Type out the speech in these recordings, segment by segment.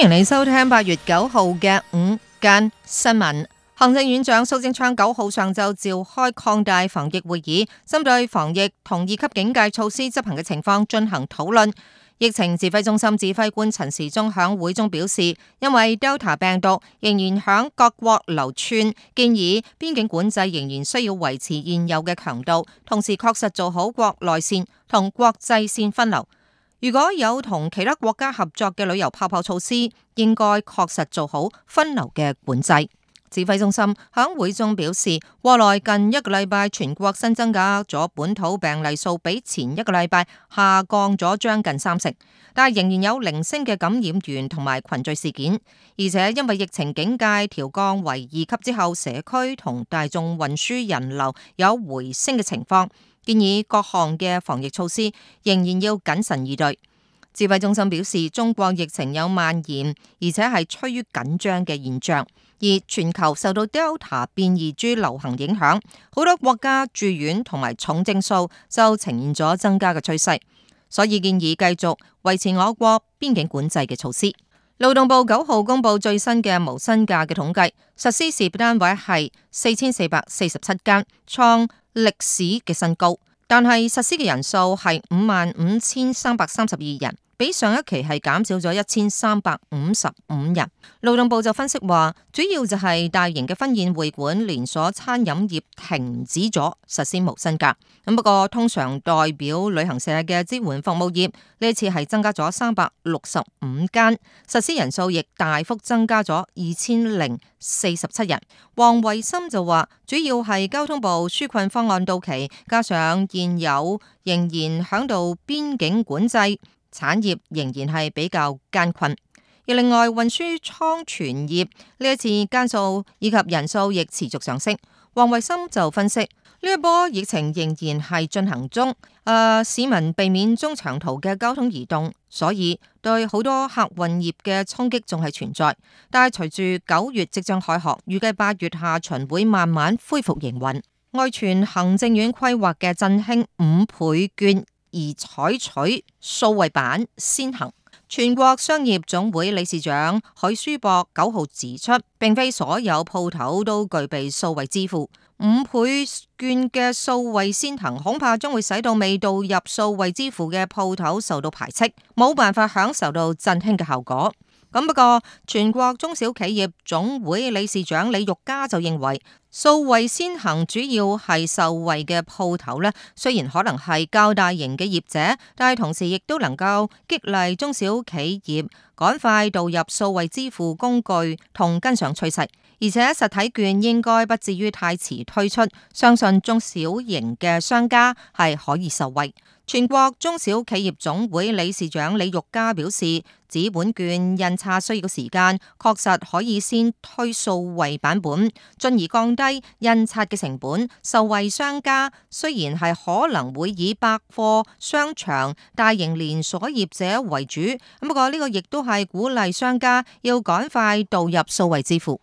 歡迎你收聽八月九號嘅午間新聞。行政院長蘇貞昌九號上晝召開擴大防疫會議，針對防疫同二級警戒措施執行嘅情況進行討論。疫情指揮中心指揮官陳時中喺會中表示，因為 Delta 病毒仍然響各國流竄，建議邊境管制仍然需要維持現有嘅強度，同時確實做好國內綫同國際綫分流。如果有同其他國家合作嘅旅遊泡泡措施，應該確實做好分流嘅管制。指揮中心響會中表示，國內近一個禮拜全國新增加咗本土病例數，比前一個禮拜下降咗將近三成，但係仍然有零星嘅感染源同埋群聚事件。而且因為疫情警戒調降為二級之後，社區同大眾運輸人流有回升嘅情況，建議各項嘅防疫措施仍然要謹慎應對。指揮中心表示，中國疫情有蔓延，而且係趨於緊張嘅現象。而全球受到 Delta 變異株流行影響，好多國家住院同埋重症數就呈現咗增加嘅趨勢，所以建議繼續維持我國邊境管制嘅措施。勞動部九號公布最新嘅無薪假嘅統計，實施事業單位係四千四百四十七間，創歷史嘅新高，但係實施嘅人數係五萬五千三百三十二人。比上一期係減少咗一千三百五十五人。勞動部就分析話，主要就係大型嘅婚宴會館、連鎖餐飲業停止咗實施無薪假。咁不過通常代表旅行社嘅支援服務業，呢次係增加咗三百六十五間，實施人數亦大幅增加咗二千零四十七人。黃慧心就話，主要係交通部紓困方案到期，加上現有仍然響度邊境管制。產業仍然係比較艱困，而另外運輸倉存業呢一次家數以及人數亦持續上升。黃慧森就分析，呢一波疫情仍然係進行中，誒、呃、市民避免中長途嘅交通移動，所以對好多客運業嘅衝擊仲係存在。但係隨住九月即將開學，預計八月下旬會慢慢恢復營運。外傳行政院規劃嘅振興五倍券，而採取數位版先行，全國商業總會理事長許舒博九號指出，並非所有鋪頭都具備數位支付。五倍券嘅數位先行，恐怕將會使到未導入數位支付嘅鋪頭受到排斥，冇辦法享受到振興嘅效果。咁不過，全國中小企業總會理事長李玉嘉就認為，數位先行主要係受惠嘅鋪頭呢，雖然可能係較大型嘅業者，但係同時亦都能夠激勵中小企業趕快導入數位支付工具同跟上趨勢。而且實體券應該不至於太遲推出，相信中小型嘅商家係可以受惠。全國中小企業總會理事長李玉嘉表示。紙本券印刷需要嘅時間，確實可以先推數位版本，進而降低印刷嘅成本。受惠商家雖然係可能會以百貨商場、大型連鎖業者為主，咁不過呢個亦都係鼓勵商家要趕快導入數位支付。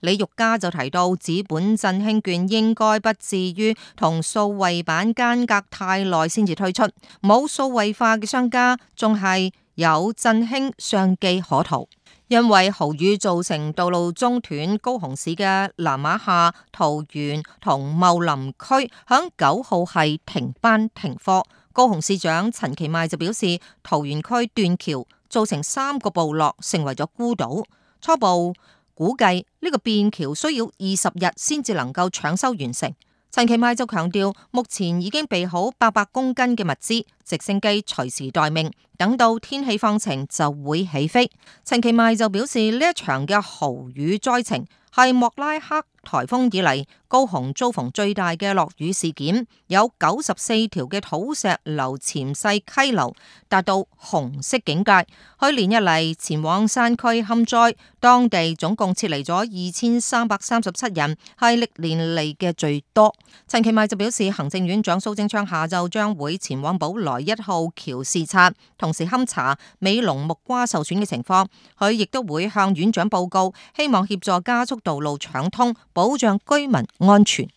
李玉嘉就提到，紙本振興券應該不至於同數位版間隔太耐先至推出，冇數位化嘅商家仲係。有振興，相機可圖，因為豪雨造成道路中斷，高雄市嘅那瑪夏桃源同茂林區響九號係停班停課。高雄市長陳其邁就表示，桃源區斷橋造成三個部落成為咗孤島，初步估計呢、這個便橋需要二十日先至能夠搶修完成。陳其邁就強調，目前已經備好八百公斤嘅物資。直升機隨時待命，等到天氣放晴就會起飛。陳其邁就表示，呢一場嘅豪雨災情係莫拉克颱風以嚟高雄遭逢最大嘅落雨事件，有九十四條嘅土石流潛勢溪流達到紅色警戒。去年一嚟前往山區勘災，當地總共撤離咗二千三百三十七人，係歷年嚟嘅最多。陳其邁就表示，行政院長蘇貞昌下晝將會前往寶來。台一號橋視察，同時勘查美濃木瓜受損嘅情況。佢亦都會向院長報告，希望協助加速道路搶通，保障居民安全。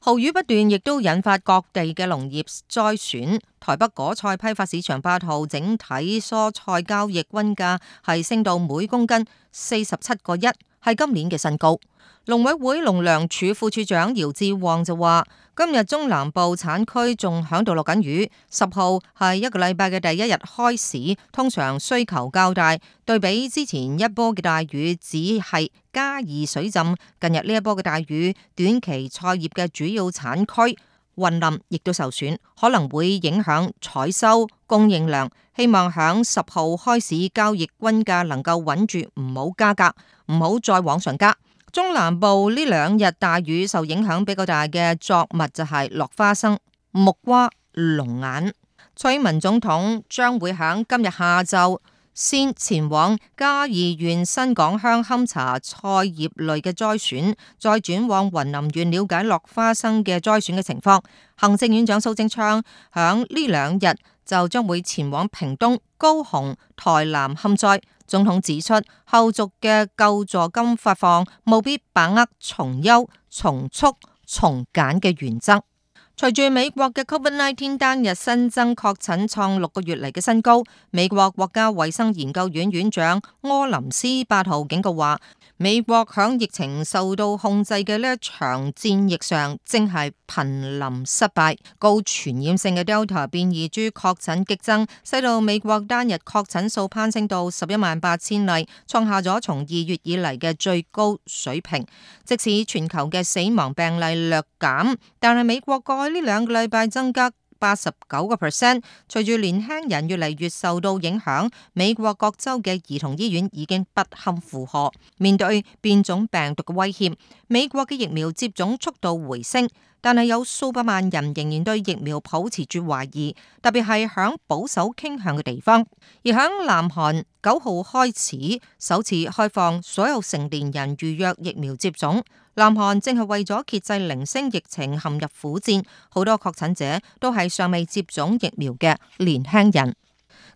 豪雨不斷，亦都引發各地嘅農業災損。台北果菜批發市場八號整體蔬菜交易均價係升到每公斤四十七個一。係今年嘅新高。農委會農糧署副署長姚志旺就話：，今日中南部產區仲響度落緊雨，十號係一個禮拜嘅第一日開市，通常需求較大。對比之前一波嘅大雨只係加以水浸，近日呢一波嘅大雨，短期菜葉嘅主要產區。雲林亦都受損，可能會影響採收供應量。希望響十號開始交易均價能夠穩住，唔好加價，唔好再往上加。中南部呢兩日大雨受影響比較大嘅作物就係落花生、木瓜、龍眼。蔡英文總統將會響今日下晝。先前往嘉義縣新港鄉勘查菜葉類嘅災損，再轉往雲林縣了解落花生嘅災損嘅情況。行政院長蘇貞昌響呢兩日就將會前往屏東、高雄、台南勘災。總統指出，後續嘅救助金發放務必把握從優、從速、從簡嘅原則。隨住美國嘅 COVID-19 單日新增確診創六個月嚟嘅新高，美國國家衛生研究院院長柯林斯八號警告話，美國響疫情受到控制嘅呢一場戰役上正係瀕臨失敗，高傳染性嘅 Delta 變異株確診激增，使到美國單日確診數攀升到十一萬八千例，創下咗從二月以嚟嘅最高水平。即使全球嘅死亡病例略減，但係美國個喺呢兩個禮拜增加八十九個 percent，隨住年輕人越嚟越受到影響，美國各州嘅兒童醫院已經不堪負荷，面對變種病毒嘅威脅，美國嘅疫苗接種速度回升。但係有數百萬人仍然對疫苗抱持住懷疑，特別係響保守傾向嘅地方。而響南韓九號開始首次開放所有成年人預約疫苗接種。南韓正係為咗遏制零星疫情陷入苦戰，好多確診者都係尚未接種疫苗嘅年輕人。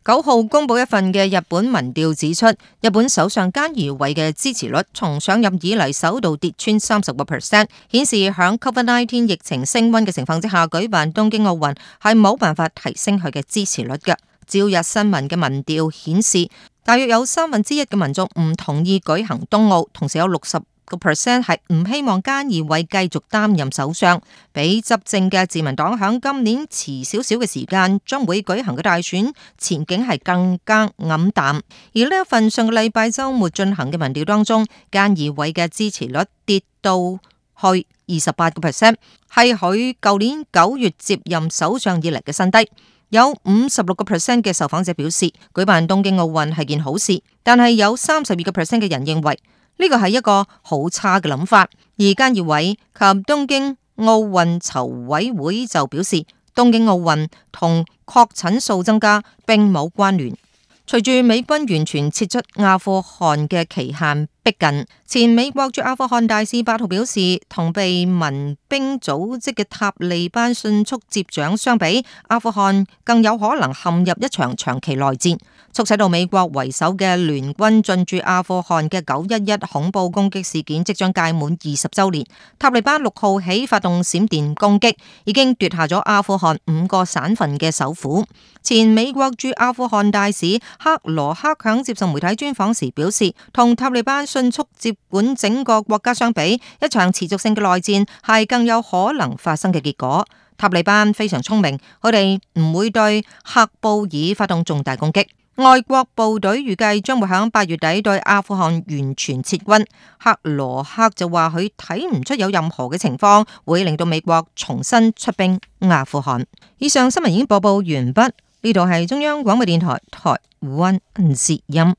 九號公布一份嘅日本民調指出，日本首相菅義偉嘅支持率從上任以嚟首度跌穿三十個 percent，顯示響 Covid-19 疫情升温嘅情況之下舉辦東京奧運係冇辦法提升佢嘅支持率嘅。朝日新聞嘅民調顯示，大約有三分之一嘅民眾唔同意舉行東奧，同時有六十。個 percent 係唔希望菅義偉繼續擔任首相，俾執政嘅自民黨響今年遲少少嘅時間將會舉行嘅大選，前景係更加黯淡。而呢一份上個禮拜週末進行嘅民調當中，菅義偉嘅支持率跌到去二十八個 percent，係佢舊年九月接任首相以嚟嘅新低。有五十六個 percent 嘅受訪者表示，舉辦東京奧運係件好事，但係有三十二個 percent 嘅人認為。呢個係一個好差嘅諗法。而菅義偉及東京奧運籌委會就表示，東京奧運同確診數增加並冇關聯。隨住美軍完全撤出阿富汗嘅期限逼近，前美國駐阿富汗大使巴圖表示，同被民兵組織嘅塔利班迅速接掌相比，阿富汗更有可能陷入一場長期內戰。促使到美國為首嘅聯軍進駐阿富汗嘅九一一恐怖攻擊事件即將屆滿二十週年，塔利班六號起發動閃電攻擊，已經奪下咗阿富汗五個省份嘅首府。前美國駐阿富汗大使克羅克喺接受媒體專訪時表示，同塔利班迅速接管整個國家相比，一場持續性嘅內戰係更有可能發生嘅結果。塔利班非常聰明，佢哋唔會對喀布爾發動重大攻擊。外國部隊預計將會喺八月底對阿富汗完全撤軍。克羅克就話佢睇唔出有任何嘅情況會令到美國重新出兵阿富汗。以上新聞已經播報完畢，呢度係中央廣播電台台灣之音。